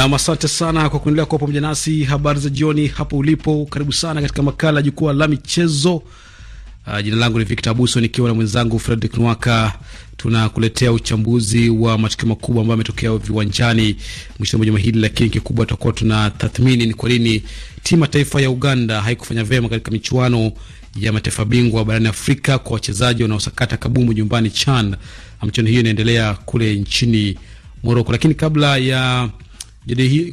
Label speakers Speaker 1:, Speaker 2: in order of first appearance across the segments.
Speaker 1: Nam, asante sana kwa kuendelea kuwa pamoja nasi. Habari za jioni hapo ulipo, karibu sana katika makala ya jukwaa la michezo. Uh, jina langu ni Victor Abuso nikiwa na mwenzangu Fredrick Nwaka. Tunakuletea uchambuzi wa matukio makubwa ambayo ametokea viwanjani mwishoni mwa juma hili, lakini kikubwa tutakuwa tuna tathmini ni kwa nini timu ya taifa ya Uganda haikufanya vyema katika michuano ya mataifa bingwa barani Afrika kwa wachezaji wanaosakata kabumbu nyumbani CHAN. Michuano hiyo inaendelea kule nchini Moroko, lakini kabla ya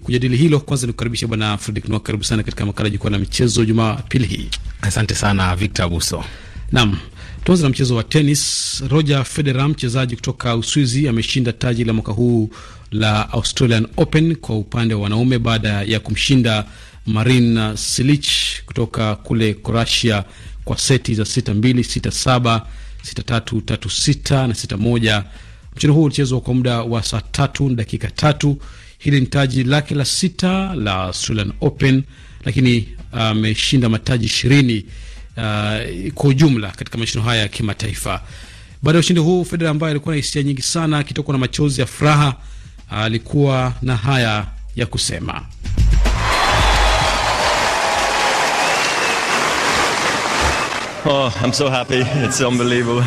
Speaker 1: Kujadili hilo kwanza, ni kukaribisha bwana Fredrick Noa, karibu sana katika makala jukwaa la michezo jumapili hii. Asante sana Victor Abuso. Naam, tuanze na mchezo wa tenis. Roger Federer mchezaji kutoka Uswizi ameshinda taji la mwaka huu la Australian Open kwa upande wa wanaume baada ya kumshinda Marin Silich kutoka kule Croatia kwa seti za sita mbili, sita saba, sita tatu, tatu sita na sita moja. Mchezo huu ulichezwa kwa muda wa saa tatu na dakika tatu. Hili ni taji lake la sita la Australian Open, lakini uh, ameshinda uh, mataji ishirini uh, kwa ujumla katika mashindano haya ya kimataifa. Baada ya ushindi huu, Federer ambaye alikuwa na hisia nyingi sana, akitokwa na machozi ya furaha, alikuwa na haya ya kusema:
Speaker 2: Oh, I'm so happy. It's unbelievable.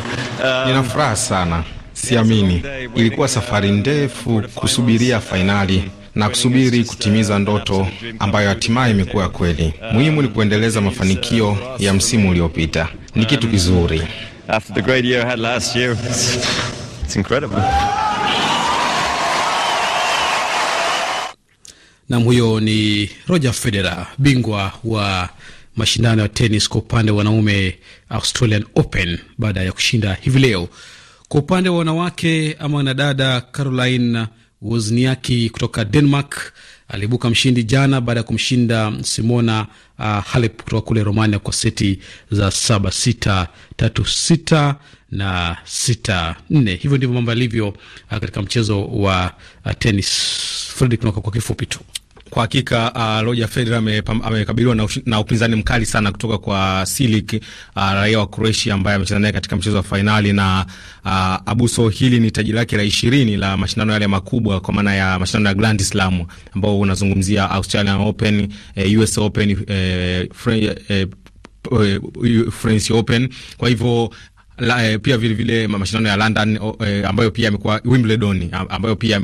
Speaker 2: Um, nina furaha sana Siamini, ilikuwa safari ndefu kusubiria fainali na kusubiri kutimiza ndoto ambayo hatimaye imekuwa kweli. Muhimu ni kuendeleza mafanikio ya msimu uliopita, ni kitu kizuri.
Speaker 1: Nam, huyo ni Roger Federer, bingwa wa mashindano ya tenis kwa upande wa wanaume Australian Open baada ya kushinda hivi leo kwa upande wa wanawake ama wanadada, Caroline Wozniacki kutoka Denmark aliibuka mshindi jana baada ya kumshinda Simona uh, Halep kutoka kule Romania kwa seti za saba sita tatu sita na sita nne. Hivyo ndivyo mambo yalivyo uh, katika mchezo wa uh, tenis. Fredrik Noka kwa kifupi tu.
Speaker 2: Kwa hakika uh, Roger Federer amekabiliwa na, upinzani mkali sana kutoka kwa silik uh, raia wa Croatia ambaye amecheza naye katika mchezo wa fainali na uh, Abuso. Hili ni taji lake la ishirini la mashindano yale makubwa kwa maana ya mashindano ya Grand Slam ambao unazungumzia Australian Open, eh, US Open eh, French, eh, eh, French Open. Kwa hivyo la, eh, pia vile vile mashindano ya London o, eh, ambayo pia yamekuwa Wimbledon ambayo pia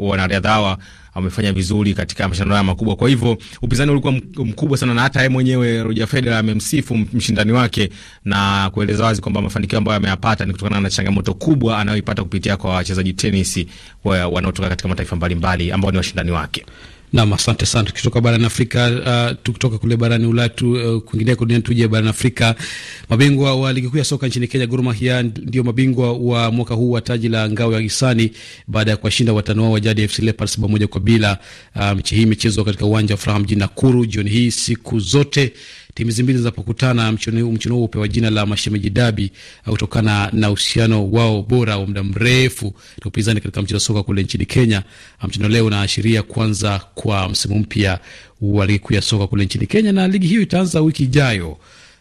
Speaker 2: wanariadha hawa wamefanya vizuri katika mashindano haya makubwa. Kwa hivyo upinzani ulikuwa mkubwa sana, na hata yeye mwenyewe Roger Federer amemsifu mshindani wake na kueleza wazi kwamba mafanikio ambayo ameyapata ni kutokana na changamoto kubwa anayoipata kupitia kwa wachezaji tenisi wanaotoka katika mataifa mbalimbali ambao ni washindani wake. Nam, asante sana. Tukitoka barani Afrika
Speaker 1: uh, tukitoka kule barani Ulaya tu, uh, kwingineko duniani tuje barani Afrika. Mabingwa wa ligi kuu ya soka nchini Kenya, Gor Mahia ndio mabingwa wa mwaka huu wa taji la ngao ya hisani baada ya kuwashinda watani wao wa jadi FC Leopards bao moja kwa bila. Uh, mechi um, hii imechezwa katika uwanja wa Furaha mjini Nakuru jioni hii. Siku zote Timu hizi mbili zinapokutana mchuano huo upewa jina la mashemeji dabi uh, kutokana na uhusiano wao bora wa muda mrefu na upinzani katika mchezo wa soka kule nchini Kenya. Uh, mchuano leo unaashiria kwanza kwa msimu mpya wa ligi kuu ya soka kule nchini Kenya, na ligi hiyo itaanza wiki ijayo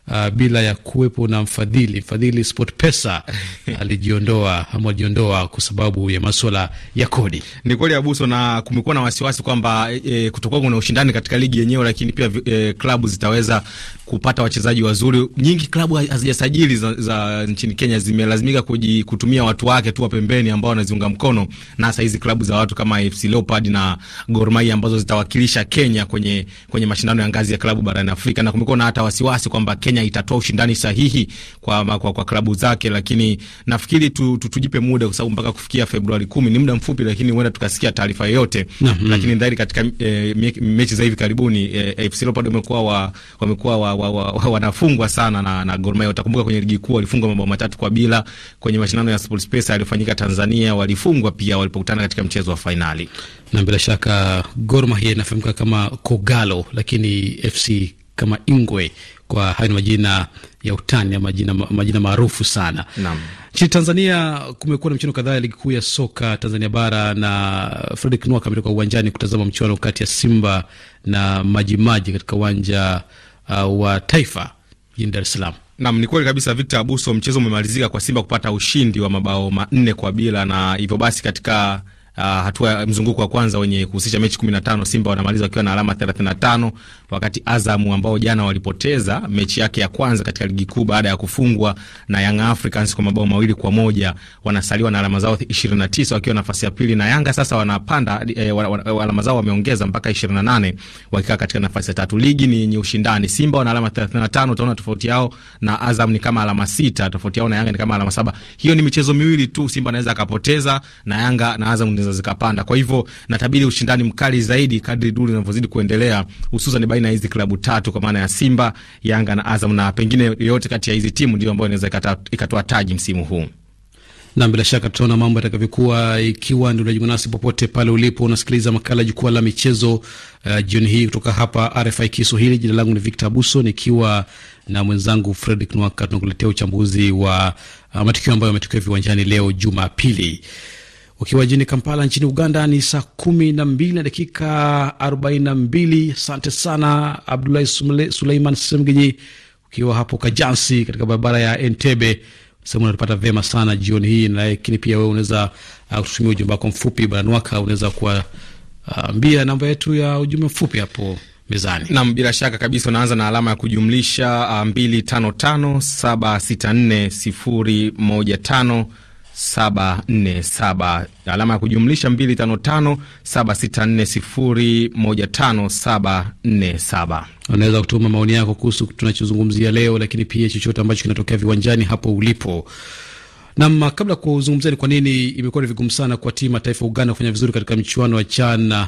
Speaker 1: uh, bila ya kuwepo na mfadhili.
Speaker 2: Mfadhili Pesa alijiondoa ama alijiondoa kwa sababu ya masuala ya kodi. Ni kweli Abuso, na kumekuwa na wasiwasi kwamba e, eh, eh, kutokuwa kuna ushindani katika ligi yenyewe, lakini pia e, klabu zitaweza kupata wachezaji wazuri. Nyingi klabu hazijasajili za, za nchini Kenya, zimelazimika kutumia watu wake tu wa pembeni ambao wanaziunga mkono, na hizi klabu za watu kama AFC Leopards na Gor Mahia ambazo zitawakilisha Kenya kwenye, kwenye mashindano ya ngazi ya klabu barani Afrika, na kumekuwa na hata wasiwasi kwamba Kenya itatoa ushindani sahihi kwa, kwa, kwa, kwa klabu zake, lakini nafikiri tu, tu, tujipe muda kwa sababu mpaka kufikia Februari kumi ni muda mfupi, lakini huenda tukasikia taarifa yoyote mm -hmm. Lakini dhahiri katika eh, mechi za hivi karibuni eh, AFC Leopards wamekuwa wa, wamekuwa wa wa, wa, wa, wa, wanafungwa sana na, na Gor Mahia. Utakumbuka kwenye ligi kuu walifungwa mabao matatu kwa bila. Kwenye mashindano ya SportPesa yaliyofanyika Tanzania walifungwa pia walipokutana katika mchezo wa fainali, na bila shaka Gor Mahia inafahamika kama Kogalo, lakini
Speaker 1: FC kama Ingwe kwa hayo ni majina ya utani, majina majina maarufu sana. Naam. Nchini Tanzania kumekuwa na michuano kadhaa ya ligi kuu ya soka Tanzania bara na Fredrick Nwaka ametoka uwanjani kutazama mchuano kati ya Simba na Majimaji
Speaker 2: katika uwanja uh, wa taifa jijini Dar es Salaam. Nam, ni kweli kabisa Victor Abuso, mchezo umemalizika kwa Simba kupata ushindi wa mabao manne kwa bila, na hivyo basi katika Uh, hatua ya mzunguko wa kwanza wenye kuhusisha mechi 15 Simba wanamaliza wakiwa na alama 35, wakati Azam ambao jana walipoteza mechi yake ya kwanza katika ligi kuu baada ya kufungwa na Young Africans kwa mabao mawili kwa moja wanasaliwa na alama zao 29 wakiwa nafasi ya pili, na Yanga sasa wanapanda eh, alama zao wameongeza mpaka 28 wakikaa katika nafasi ya tatu. Ligi ni yenye ushindani. Simba wana alama 35, utaona tofauti yao na Azam ni kama alama sita, tofauti yao na Yanga ni kama alama saba. Hiyo ni michezo miwili tu, Simba anaweza akapoteza na Yanga na Azam zinaweza zikapanda. Kwa hivyo natabiri ushindani mkali zaidi kadri duru inavyozidi kuendelea, hususan baina ya hizi klabu tatu kwa maana ya Simba, Yanga na Azam, na pengine yoyote kati ya hizi timu ndio ambayo inaweza ikatoa taji msimu huu
Speaker 1: na bila shaka tutaona mambo yatakavyokuwa. Ikiwa ndio unajiunga nasi popote pale ulipo, unasikiliza makala Jukwaa la Michezo uh, jioni hii kutoka hapa RFI Kiswahili. Jina langu ni Victor Abuso nikiwa na mwenzangu Fredrick Nwaka, tunakuletea uchambuzi wa uh, matukio ambayo yametokea viwanjani leo Jumapili. Ukiwa jini Kampala nchini Uganda ni saa kumi na mbili na dakika arobaini na mbili. Asante sana Abdulahi Suleiman Semgenyi, ukiwa hapo Kajansi katika barabara ya Entebe, sehemu unatupata vema sana jioni hii, lakini pia wewe unaweza kututumia uh, ujumbe wako mfupi
Speaker 2: baranwaka, unaweza kuambia uh, namba yetu ya ujumbe mfupi hapo mezani nam, bila shaka kabisa unaanza na alama ya kujumlisha uh, mbili tano tano saba sita nne sifuri moja tano 7 alama ya kujumlisha 255 764 015 747.
Speaker 1: Unaweza kutuma maoni yako kuhusu tunachozungumzia leo, lakini pia chochote ambacho kinatokea viwanjani hapo ulipo. Nam, kabla kuzungumzia ni kwa nini imekuwa ni vigumu sana kwa timu ya taifa Uganda kufanya vizuri katika mchuano wa chana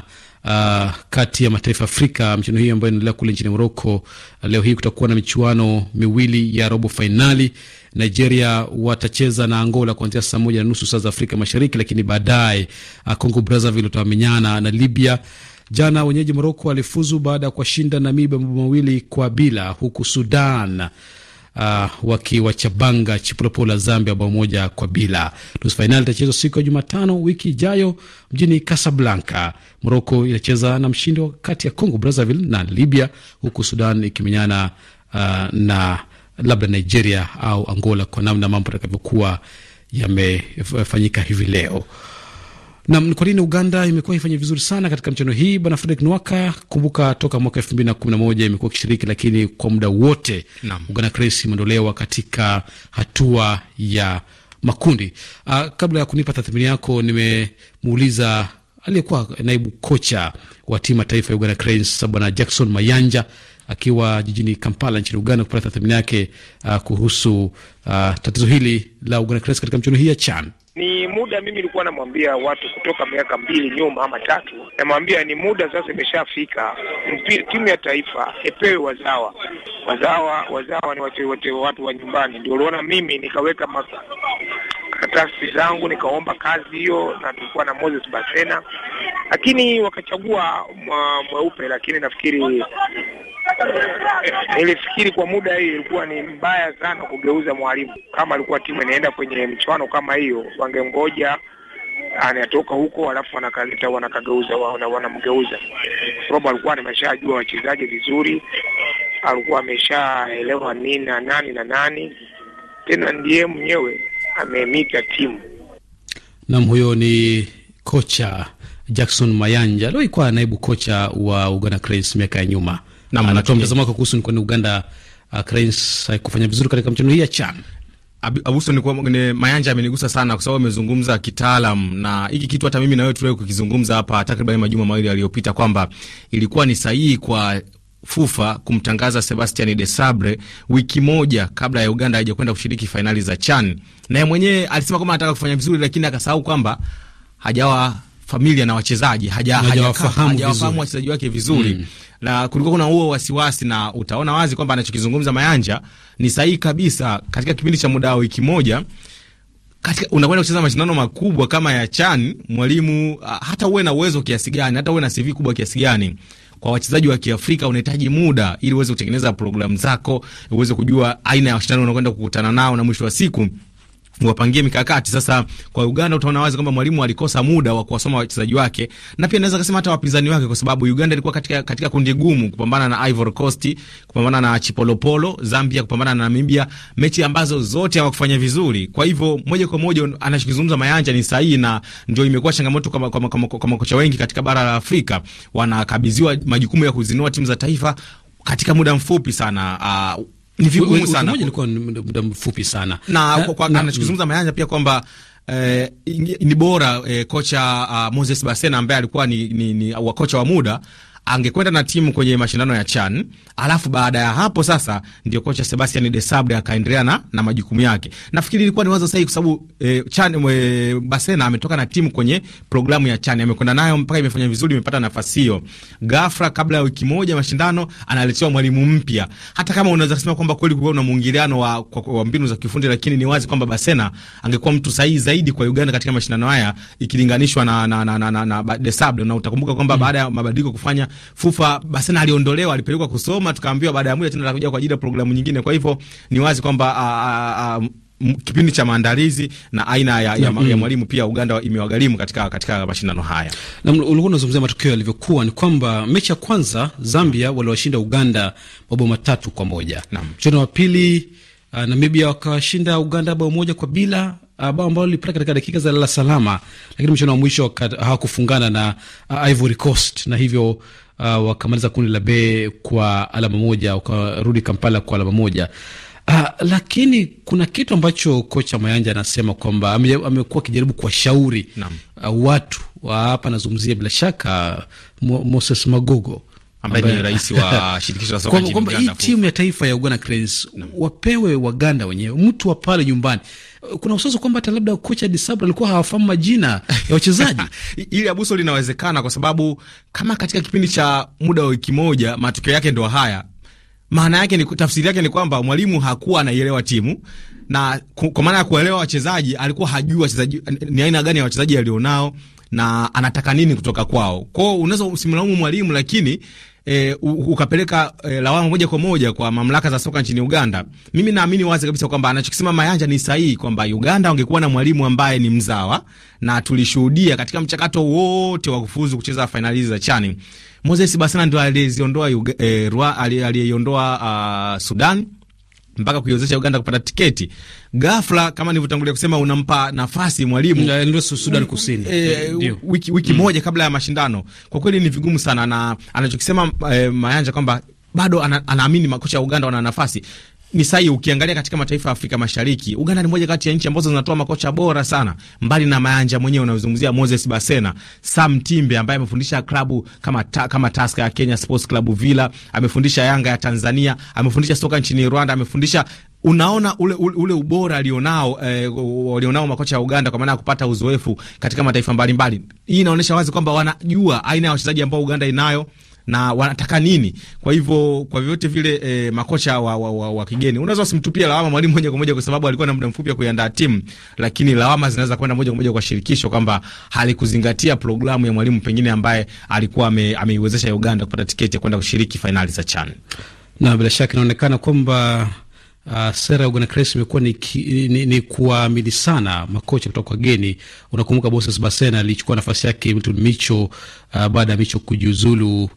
Speaker 1: uh, ah, kati ya mataifa Afrika, mchuano hiyo ambayo inaendelea kule nchini Moroko. Uh, leo hii kutakuwa na michuano miwili ya robo fainali Nigeria watacheza na Angola kuanzia saa moja na nusu saa za Afrika Mashariki, lakini baadaye uh, Congo Brazzaville watamenyana na Libya. Jana wenyeji Moroko walifuzu baada ya kuwashinda Namibia mambo mawili kwa bila, huku Sudan uh, wakiwachabanga Chipolopolo la Zambia bao moja kwa bila. Nusu fainali itachezwa siku ya Jumatano wiki ijayo mjini Casablanca. Moroko inacheza na mshindi kati ya Congo Brazzaville na Libya, huku Sudan ikimenyana uh, na labda Nigeria au Angola kwa namna mambo yatakavyokuwa yamefanyika hivi leo. Nam, ni kwa nini Uganda imekuwa ifanya vizuri sana katika mchano hii? Bwana Fredrik Nwaka, kumbuka toka mwaka elfu mbili na kumi na moja imekuwa ikishiriki, lakini kwa muda wote Uganda Cranes imeondolewa katika hatua ya makundi. Uh, kabla ya kunipa tathmini yako, nimemuuliza aliyekuwa naibu kocha wa timu ya taifa ya Uganda Cranes bwana Jackson Mayanja akiwa jijini Kampala nchini Uganda kupata tathmini yake uh, kuhusu uh, tatizo hili la Uganda-Cranes katika mchuano hii ya CHAN.
Speaker 2: Ni muda mimi nilikuwa namwambia watu kutoka miaka mbili nyuma ama tatu, namwambia ni muda sasa, imeshafika timu ya taifa epewe wazawa. Wazawa wazawa ni watu, wate, watu wa nyumbani. Ndio uliona mimi nikaweka maka karatasi zangu nikaomba kazi hiyo, na tulikuwa na Moses Basena, lakini wakachagua mweupe, lakini nafikiri nilifikiri kwa muda hii ilikuwa ni mbaya sana kugeuza mwalimu. Kama alikuwa timu inaenda kwenye mchuano kama hiyo, wangemgoja anatoka huko alafu wanakaleta wanakageuza wanamgeuza, kwa sababu alikuwa ameshajua wachezaji vizuri, alikuwa ameshaelewa nini na nani na nani, tena ndiye mwenyewe amemita timu.
Speaker 1: Nam, huyo ni kocha Jackson Mayanja, alioikuwa naibu kocha wa Uganda Cranes miaka ya nyuma. Nam,
Speaker 2: anatoa mtazamo wake kuhusu ni kwani Uganda uh, Cranes haikufanya uh, vizuri katika mchezo hii ya CHAN. Abuso ni, ni Mayanja amenigusa sana kwa sababu amezungumza kitaalam na hiki kitu hata mimi na wewe tuliwahi kukizungumza hapa takriban majuma mawili yaliyopita kwamba ilikuwa ni sahihi kwa FUFA kumtangaza Sebastian de Sabre wiki moja kabla ya Uganda haijakwenda kushiriki fainali za CHAN. Naye mwenyewe alisema kwamba anataka kufanya vizuri, lakini akasahau kwamba hajawa familia na wachezaji hajawafahamu wachezaji wake vizuri mm. Na kulikuwa kuna huo wasiwasi, na utaona wazi kwamba anachokizungumza Mayanja ni sahihi kabisa. Katika kipindi cha muda wa wiki moja katika unakwenda kucheza mashindano makubwa kama ya CHAN, mwalimu ah, hata uwe na uwezo kiasi gani, hata uwe na CV kubwa kiasi gani kwa wachezaji wa Kiafrika unahitaji muda ili uweze kutengeneza programu zako, uweze kujua aina ya washindani unakwenda kukutana nao, na mwisho wa siku wapangie mikakati sasa. Kwa Uganda utaona wazi kwamba mwalimu alikosa muda wa kuwasoma wachezaji wake, na pia naweza kusema hata wapinzani wake, kwa sababu Uganda ilikuwa katika, katika kundi gumu kupambana na Ivory Coast, kupambana na Chipolopolo, Zambia, kupambana na Namibia, mechi ambazo zote hawakufanya vizuri. Kwa hivyo moja kwa moja anachokizungumza Mayanja ni sahihi, na ndio imekuwa changamoto kwa, kwa, kwa, kwa makocha wengi katika bara la Afrika, wanakabidhiwa majukumu ya kuzinua timu za taifa katika muda mfupi sana. Uh, ni vigumu sana. Ilikuwa muda mfupi sana na, na, eh, kwa, na, anachokizungumza Mayanja pia kwamba Eh, ni bora eh, kocha uh, Moses Basena ambaye alikuwa ni, ni, ni wa kocha wa muda angekwenda na timu kwenye mashindano ya CHAN, alafu baada ya hapo sasa ndio kocha Sebastian De Sabre akaendelea na, na majukumu yake. Nafikiri ilikuwa ni wazo sahihi kwa sababu eh, CHAN mwe, Basena ametoka na timu kwenye programu ya CHAN, amekwenda nayo mpaka imefanya vizuri, imepata nafasi hiyo. Ghafla kabla ya wiki moja mashindano analetewa mwalimu mpya. Hata kama unaweza kusema kwamba kweli kulikuwa na muingiliano wa, kwa, wa mbinu za kiufundi, lakini ni wazi kwamba Basena angekuwa mtu sahihi zaidi kwa Uganda katika mashindano haya ikilinganishwa na na na, na, na, na na De Sabre, na utakumbuka kwamba mm, baada ya mabadiliko kufanya FUFA Basena aliondolewa, alipelekwa kusoma, tukaambiwa baada ya muda tena atakuja kwa ajili ya programu nyingine. Kwa hivyo ni wazi kwamba kipindi cha maandalizi na aina ya, ya, mm ya mwalimu pia Uganda imewagharimu katika, katika mashindano haya. Na ulikuwa unazungumzia matokeo yalivyokuwa, ni kwamba mechi ya kwanza Zambia waliwashinda
Speaker 1: Uganda mabao matatu kwa moja. Mchezo wa pili uh, Namibia wakawashinda Uganda bao moja kwa bila uh, bao ambalo lilipata katika dakika za lala salama, lakini mchezo wa mwisho hawakufungana na uh, Ivory Coast na hivyo uh, wakamaliza kundi la B kwa alama moja, wakarudi Kampala kwa alama moja. Uh, lakini kuna kitu ambacho kocha Mayanja anasema kwamba amekuwa akijaribu kuwashauri uh, watu wa hapa, anazungumzia bila shaka Moses Magogo ambaye ni rais wa shirikisho la soka kwamba hii timu ya taifa ya Uganda Cranes wapewe Waganda wenyewe, mtu wa pale nyumbani
Speaker 2: kuna usozo kwamba hata labda kocha Disabra alikuwa hawafahamu majina ya wachezaji ili abuso linawezekana, kwa sababu kama katika kipindi cha muda wa wiki moja matokeo yake ndo haya, maana yake ni tafsiri yake ni kwamba mwalimu hakuwa anaielewa timu na kwa maana ya kuelewa wachezaji, alikuwa hajui wachezaji ni aina gani ya wachezaji alionao na anataka nini kutoka kwao. Kwao unaweza usimlaumu mwalimu, lakini eh, ukapeleka eh, lawama moja kwa moja kwa mamlaka za soka nchini Uganda. Mimi naamini wazi kabisa kwamba anachokisema Mayanja ni sahihi, kwamba Uganda wangekuwa na mwalimu ambaye ni mzawa, na tulishuhudia katika mchakato wote wa kufuzu kucheza fainali za chani, Moses Basana ndio aliyeziondoa eh, e, aliyeiondoa uh, Sudan mpaka kuiwezesha Uganda kupata tiketi. Ghafla kama nilivyotangulia kusema, unampa nafasi mwalimu Sudan mm, Kusini e, wiki, wiki mm, moja kabla ya mashindano. Kwa kweli ni vigumu sana, na anachokisema e, Mayanja kwamba bado ana, anaamini makocha ya Uganda wana nafasi. Misai, ukiangalia katika mataifa ya Afrika Mashariki, Uganda ni moja kati ya nchi ambazo zinatoa makocha bora sana, mbali na Mayanja mwenyewe unayozungumzia, Moses Basena, Sam Timbe ambaye amefundisha klabu kama ta, kama Taska ya Kenya Sports Club Villa, amefundisha Yanga ya Tanzania, amefundisha soka nchini Rwanda, amefundisha unaona ule, ule, ule ubora alionao eh, walionao makocha ya Uganda kwa maana ya kupata uzoefu katika mataifa mbalimbali. Hii inaonyesha wazi kwamba wanajua aina ya wachezaji ambao Uganda inayo na wanataka nini. Kwa hivyo kwa vyovyote vile e, makocha wa, wa, wa, wa kigeni unaweza usimtupie lawama mwalimu moja kwa moja, kwa sababu alikuwa na muda mfupi wa kuiandaa timu, lakini lawama zinaweza kwenda moja kwa moja kwa shirikisho kwamba halikuzingatia programu ya mwalimu pengine ambaye alikuwa ameiwezesha Uganda kupata tiketi ya kwenda kushiriki fainali za CHAN
Speaker 1: na bila shaka inaonekana kwamba uh, sera ya Bwana Cranes imekuwa ni, ni, ni kuwaamini sana makocha kutoka wageni. Unakumbuka boses Basena alichukua nafasi yake Milton Micho uh, ah, baada ya Micho kujiuzulu uh,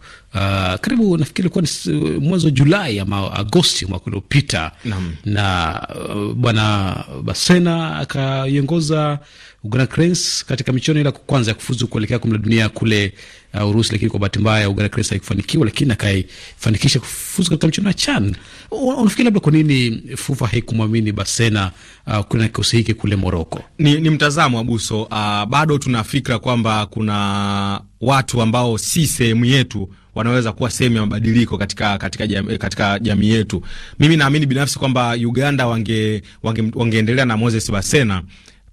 Speaker 1: karibu nafikiri ilikuwa ni mwezi wa Julai ama Agosti mwaka uliopita, na, na uh, Bwana Basena akaiongoza Uganda Cranes katika michuano ile kwanza ya kufuzu kuelekea kombe la dunia kule uh, Urusi, lakini kwa bahati mbaya Uganda Cranes haikufanikiwa, lakini akaifanikisha kufuzu katika michuano ya CHAN. Unafikiri labda kwa nini FUFA haikumwamini Basena uh, kuna kikosi hiki kule Moroko?
Speaker 2: Ni, ni mtazamo wa Buso. Uh, bado tuna fikra kwamba kuna watu ambao si sehemu yetu wanaweza kuwa sehemu ya mabadiliko katika, katika, jam, eh, katika jamii yetu. Mimi naamini binafsi kwamba Uganda wange, wange, wangeendelea na Moses Basena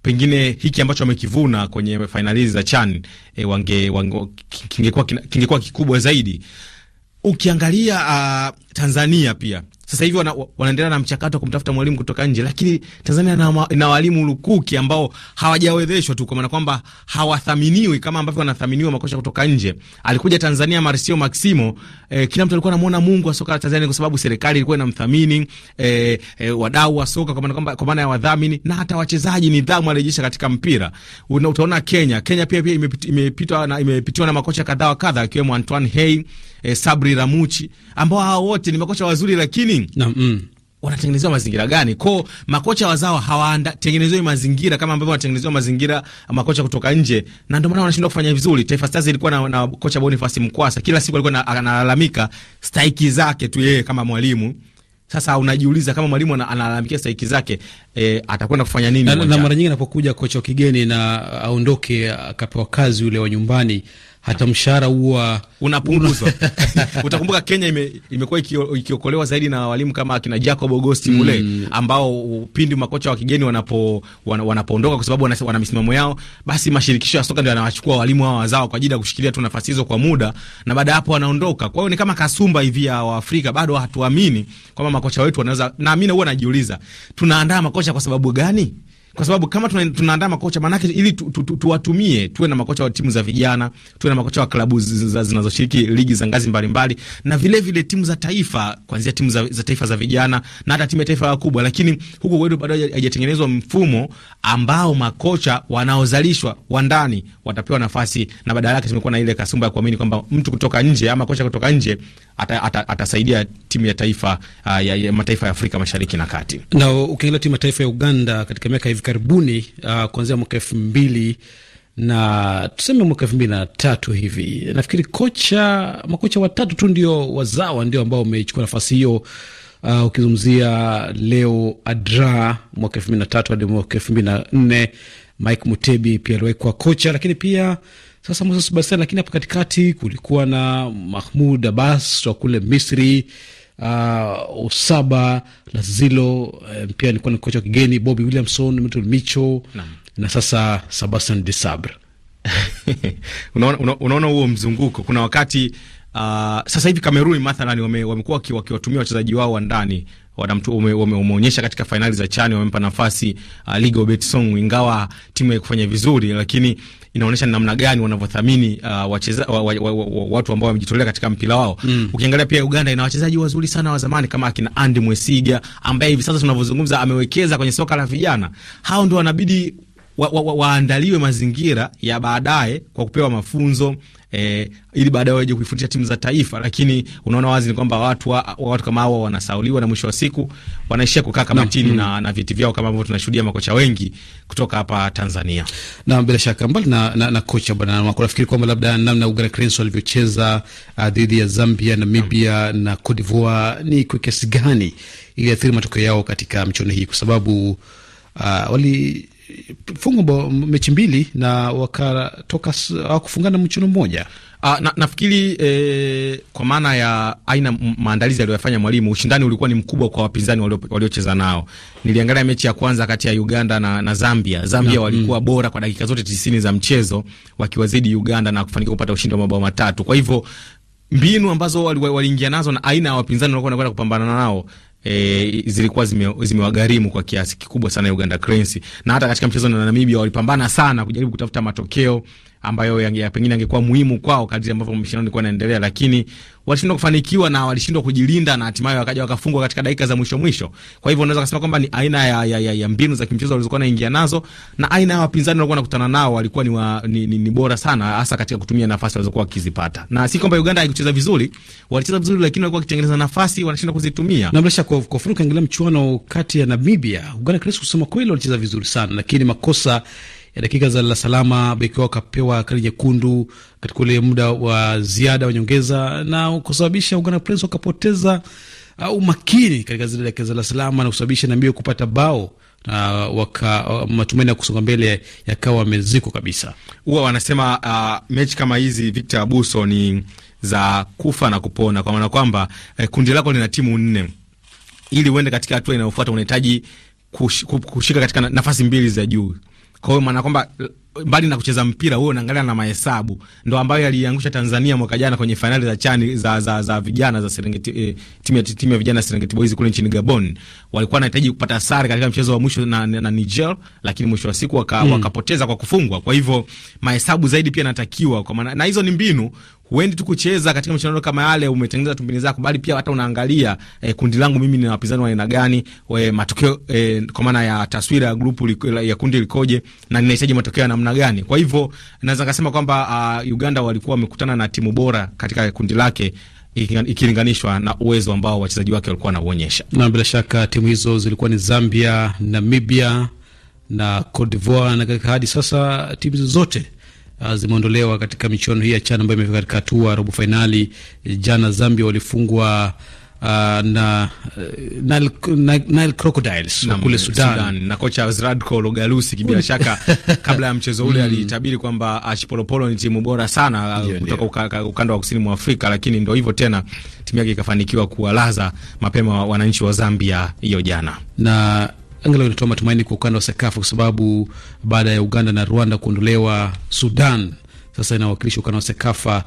Speaker 2: pengine hiki ambacho wamekivuna kwenye fainali za CHAN e, wange, wange, kingekuwa kingekuwa kikubwa zaidi. Ukiangalia uh, Tanzania pia sasa hivi wana, wanaendelea na mchakato wa kumtafuta mwalimu kutoka nje, lakini Tanzania na, walimu lukuki ambao hawajawezeshwa tu, kwa maana kwamba hawathaminiwi kama ambavyo wanathaminiwa makocha kutoka nje. Alikuja Tanzania Marcio Maximo, eh, kila mtu alikuwa anamuona mungu wa soka la Tanzania kwa sababu serikali ilikuwa inamthamini, eh, eh, wadau wa soka kwa maana kwamba kwa maana ya wadhamini na hata wachezaji, nidhamu alirejesha katika mpira. Una, utaona Kenya, Kenya pia pia imepitwa na imepitiwa na makocha wa kadha akiwemo Antoine Hey, eh, Sabri Ramuchi ambao hao wote ni makocha wazuri lakini training mm. na, mm. Wanatengenezewa mazingira gani? Ko makocha wazao hawatengenezewi mazingira kama ambavyo wanatengenezewa mazingira makocha kutoka nje, na ndio maana wanashindwa kufanya vizuri. Taifa Stars ilikuwa na, na kocha Boniface Mkwasa, kila siku alikuwa analalamika staiki zake tu yeye kama mwalimu. Sasa unajiuliza kama mwalimu analalamikia staiki zake e, atakwenda kufanya nini? Na, na mara
Speaker 1: nyingi anapokuja kocha wa kigeni na aondoke akapewa kazi yule wa nyumbani hata mshahara
Speaker 2: huwa unapunguzwa. Utakumbuka Kenya ime, imekuwa ikiokolewa zaidi na walimu kama akina Jacob Augusti mule mm, ambao pindi makocha wa kigeni wanapo wanapoondoka wana kwa sababu wana, wana misimamo yao, basi mashirikisho ya soka ndio yanawachukua walimu hao wazao kwa ajili ya kushikilia tu nafasi hizo kwa muda, na baada hapo wanaondoka. Kwa hiyo ni kama kasumba hivi ya Waafrika, bado hatuamini kwamba makocha wetu wanaweza. Naamini huwa najiuliza tunaandaa makocha kwa sababu gani? kwa sababu kama tunaandaa makocha maanake, ili tuwatumie tu, tu, tuwe na makocha wa timu za vijana, tuwe na makocha wa klabu zinazoshiriki ligi za ngazi mbalimbali, na vilevile vile timu za taifa, kuanzia timu za, za taifa za vijana na hata timu ya taifa wakubwa. Lakini huko kwetu bado haijatengenezwa mfumo ambao makocha wanaozalishwa wa ndani watapewa nafasi, na badala yake tumekuwa na ile kasumba ya kuamini kwamba mtu kutoka nje ama kocha kutoka nje atasaidia ata, ata, timu ya taifa uh, ya, ya mataifa ya Afrika Mashariki na Kati.
Speaker 1: Na ukiangalia timu ya taifa ya Uganda katika miaka hivi karibuni uh, kuanzia mwaka elfu mbili na tuseme mwaka elfu mbili na tatu hivi, nafikiri kocha makocha watatu tu ndio wazawa ndio ambao wamechukua nafasi hiyo. Uh, ukizungumzia Leo Adra mwaka elfu mbili na tatu hadi mwaka elfu mbili na nne Mike Mutebi pia aliwahi kuwa kocha, lakini pia sasa Musa Sebastian, lakini hapo katikati kulikuwa na Mahmud Abbas wa kule Misri, uh, Usaba Lazilo, uh, pia alikuwa ni kocha wa kigeni, Bobby Williamson,
Speaker 2: Mitchell Micho na, na sasa Sebastian de Sabre unaona, una, unaona huo mzunguko. Kuna wakati uh, sasa hivi Kameruni mathalani wame, wamekuwa wakiwatumia wachezaji wao wa ndani wameonyesha katika fainali za chani, wamempa nafasi uh, Ligo Betsong, ingawa timu ya kufanya vizuri, lakini inaonyesha namna gani wanavyothamini uh, wacheza, wa, wa, wa, wa, watu ambao wamejitolea katika mpira wao mm. Ukiangalia pia Uganda ina wachezaji wazuri sana wa zamani kama akina Andy Mwesiga ambaye hivi sasa tunavyozungumza amewekeza kwenye soka la vijana. Hao ndio wanabidi wa, wa, wa, waandaliwe mazingira ya baadaye kwa kupewa mafunzo eh, ili baadaye waje kuifundisha timu za taifa. Lakini unaona wazi ni kwamba watu, wa, watu kama hawa wanasauliwa na mwisho wa siku wanaishia kukaa kamatini na, na, mm. na viti vyao kama ambavyo tunashuhudia makocha wengi kutoka hapa Tanzania. Na bila shaka mbali na, na, na kocha bwana na nafikiri
Speaker 1: kwamba labda namna Ugara Cranes walivyocheza uh, dhidi ya Zambia, Namibia na Cote d'Ivoire ni kwa kiasi gani iliathiri matokeo yao katika michuano hii kwa sababu uh, wali fungwa mechi mbili na wakatoka wakufungana
Speaker 2: mchuno mmoja. Uh, na, nafikiri eh, kwa maana ya aina maandalizi aliyofanya mwalimu, ushindani ulikuwa ni mkubwa kwa wapinzani waliocheza nao. Niliangalia mechi ya kwanza kati ya Uganda na, na Zambia. Zambia na, mm. walikuwa mm, bora kwa dakika zote tisini za mchezo wakiwazidi Uganda na kufanikiwa kupata ushindi wa mabao matatu. Kwa hivyo mbinu ambazo waliingia wali nazo na aina ya wapinzani walikuwa wanakwenda kupambana nao E, zilikuwa zime, kwa kiasi kikubwa sana Uganda Cranes, na hata katika mchezo na Namibia walipambana sana kujaribu kutafuta matokeo ambayo yange, pengine yangekuwa muhimu kwao kadri ambavyo mashindano ilikuwa inaendelea, lakini walishindwa kufanikiwa na walishindwa kujilinda na hatimaye wakaja wakafungwa katika dakika za mwisho mwisho. Kwa hivyo unaweza kusema kwamba ni aina ya, ya, ya, ya mbinu za kimchezo walizokuwa naingia nazo na aina ya wapinzani walikuwa nakutana nao walikuwa ni, wa, ni, ni, ni bora sana hasa katika kutumia nafasi walizokuwa wakizipata, na si kwamba Uganda haikucheza vizuri, walicheza vizuri, lakini walikuwa wakitengeneza nafasi wanashindwa kuzitumia.
Speaker 1: Na bila kwa kwa mfano mchuano kati ya Namibia Uganda, kusema kweli walicheza vizuri sana, lakini makosa ya dakika za la salama, beki wao akapewa kadi nyekundu katika ule muda wa ziada wa nyongeza, na kusababisha Uganda Press wakapoteza uh, umakini katika zile dakika za la salama na kusababisha Namibia kupata bao na
Speaker 2: uh, matumaini ya kusonga mbele yakawa wamezikwa kabisa. Huwa wanasema uh, mechi kama hizi Victor Abuso ni za kufa na kupona, kwa maana kwamba eh, kundi lako lina timu nne, ili uende katika hatua inayofuata unahitaji kushika katika nafasi mbili za juu kwa hiyo maana kwamba mbali na kucheza mpira wewe unaangalia na mahesabu, ndo ambayo aliangusha Tanzania mwaka jana kwenye fainali za chani za za, za vijana za Serengeti eh, timu ya timu ya vijana Serengeti Boys kule nchini Gabon. Walikuwa wanahitaji kupata sare katika mchezo wa mwisho na, na, na Niger, lakini mwisho wa siku waka, hmm, wakapoteza kwa kufungwa. Kwa hivyo mahesabu zaidi pia natakiwa kwa maana, na hizo ni mbinu huendi tu kucheza katika mashindano kama yale, umetengeneza tumbini zako, bali pia hata unaangalia eh, kundi langu mimi ni wapinzani wa aina gani, matokeo eh, kwa maana ya taswira ya grupu ya kundi likoje, na ninahitaji matokeo ya namna namna gani. Kwa hivyo naweza kasema kwamba uh, Uganda walikuwa wamekutana na timu bora katika kundi lake ikilinganishwa na uwezo ambao wachezaji wake walikuwa wanauonyesha.
Speaker 1: Na bila shaka timu hizo zilikuwa ni Zambia, Namibia na Cote d'Ivoire, na katika hadi sasa timu hizo zote uh, zimeondolewa katika michuano hii ya CHAN ambayo imefika katika hatua robo fainali. Jana Zambia walifungwa
Speaker 2: Uh, na
Speaker 1: uh, Nile Crocodiles na kule Sudan. Sudan
Speaker 2: na kocha Zradko Logalusi bila shaka kabla ya mchezo ule mm. alitabiri kwamba Achipolopolo ni timu bora sana yeah, uh, kutoka yeah. ukanda wa kusini mwa Afrika, lakini ndio hivyo tena, timu yake ikafanikiwa kuwalaza mapema wananchi wa Zambia hiyo jana na angalau inatoa matumaini kwa ukanda wa
Speaker 1: SEKAFA kwa sababu baada ya Uganda na Rwanda kuondolewa, Sudan sasa inawakilisha ukanda wa SEKAFA.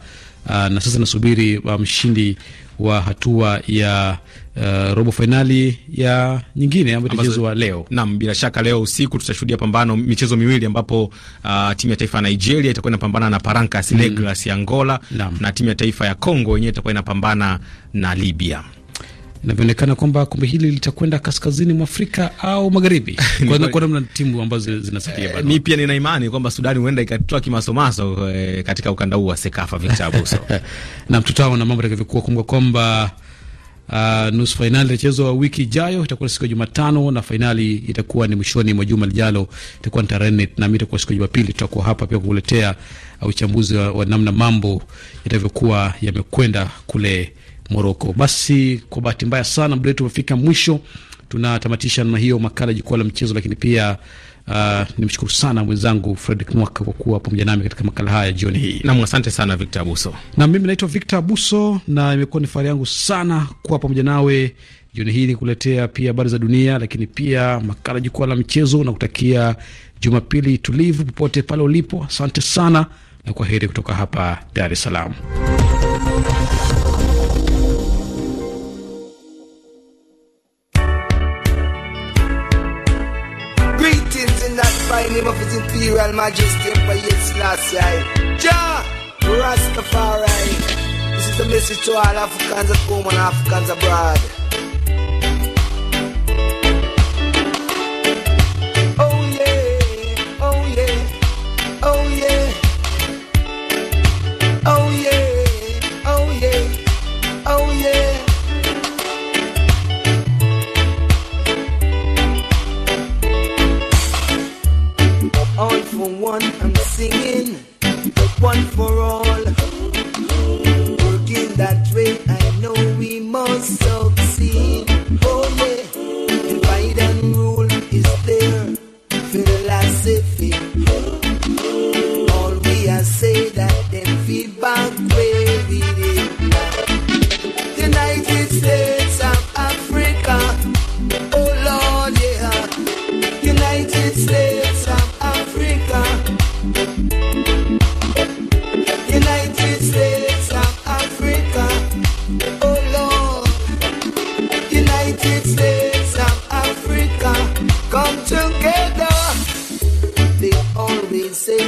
Speaker 1: Uh, na sasa nasubiri um, mshindi wa hatua ya
Speaker 2: uh, robo fainali ya nyingine ambayo itachezwa leo. Naam, bila shaka leo usiku tutashuhudia pambano michezo miwili ambapo uh, timu ya taifa ya Nigeria itakuwa inapambana na Parancas Negras mm. ya Angola na, na timu ya taifa ya congo yenyewe itakuwa inapambana na Libya
Speaker 1: inavyoonekana kwamba kombe hili litakwenda kaskazini mwa Afrika au magharibi kwa
Speaker 2: namna timu ambazo zinasalia eh, bado. Mi pia nina imani kwamba Sudani huenda ikatoa kimasomaso e, katika ukanda huu wa Sekafa. Victor Abuso na mtutaona mambo takavyokuwa. Kumbuka kwamba
Speaker 1: uh, nusu fainali itachezwa wiki ijayo, itakuwa siku ya Jumatano na fainali itakuwa ni mwishoni mwa juma lijalo, itakuwa ni tarehe nne, nami itakuwa siku ya Jumapili. Tutakuwa hapa pia kukuletea ah, uchambuzi wa, wa namna mambo yatavyokuwa yamekwenda kule Moroko. Basi kwa bahati mbaya sana muda wetu umefika mwisho, tunatamatisha namna hiyo makala jukwaa la mchezo, lakini pia Uh, nimshukuru sana mwenzangu Fredrick Mwaka kwa kuwa pamoja nami katika makala haya jioni hii. Nam, asante
Speaker 2: sana Victor Abuso.
Speaker 1: Na mimi naitwa Victor Abuso na imekuwa ni fahari yangu sana kuwa pamoja nawe jioni hii nikuletea pia habari za dunia, lakini pia makala jukwaa la michezo, na kutakia Jumapili tulivu popote pale ulipo. Asante sana na kwa heri kutoka hapa Dar es Salaam.
Speaker 3: the name of His Imperial Majesty Empire Selassie. Jah Rastafari. This is the message to all Africans at home and Africans abroad. for one, I'm singing. One for all. Working that way, I know we must. So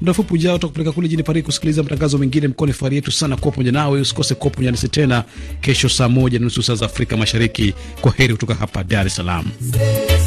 Speaker 1: Muda mfupi ujao utakupeleka kule jini Paris kusikiliza matangazo mengine mkoani. Fahari yetu sana kuwa pamoja nawe, usikose kuwa pamoja nasi tena kesho saa moja na nusu saa za Afrika Mashariki. Kwa heri kutoka hapa Dar es
Speaker 3: Salaam.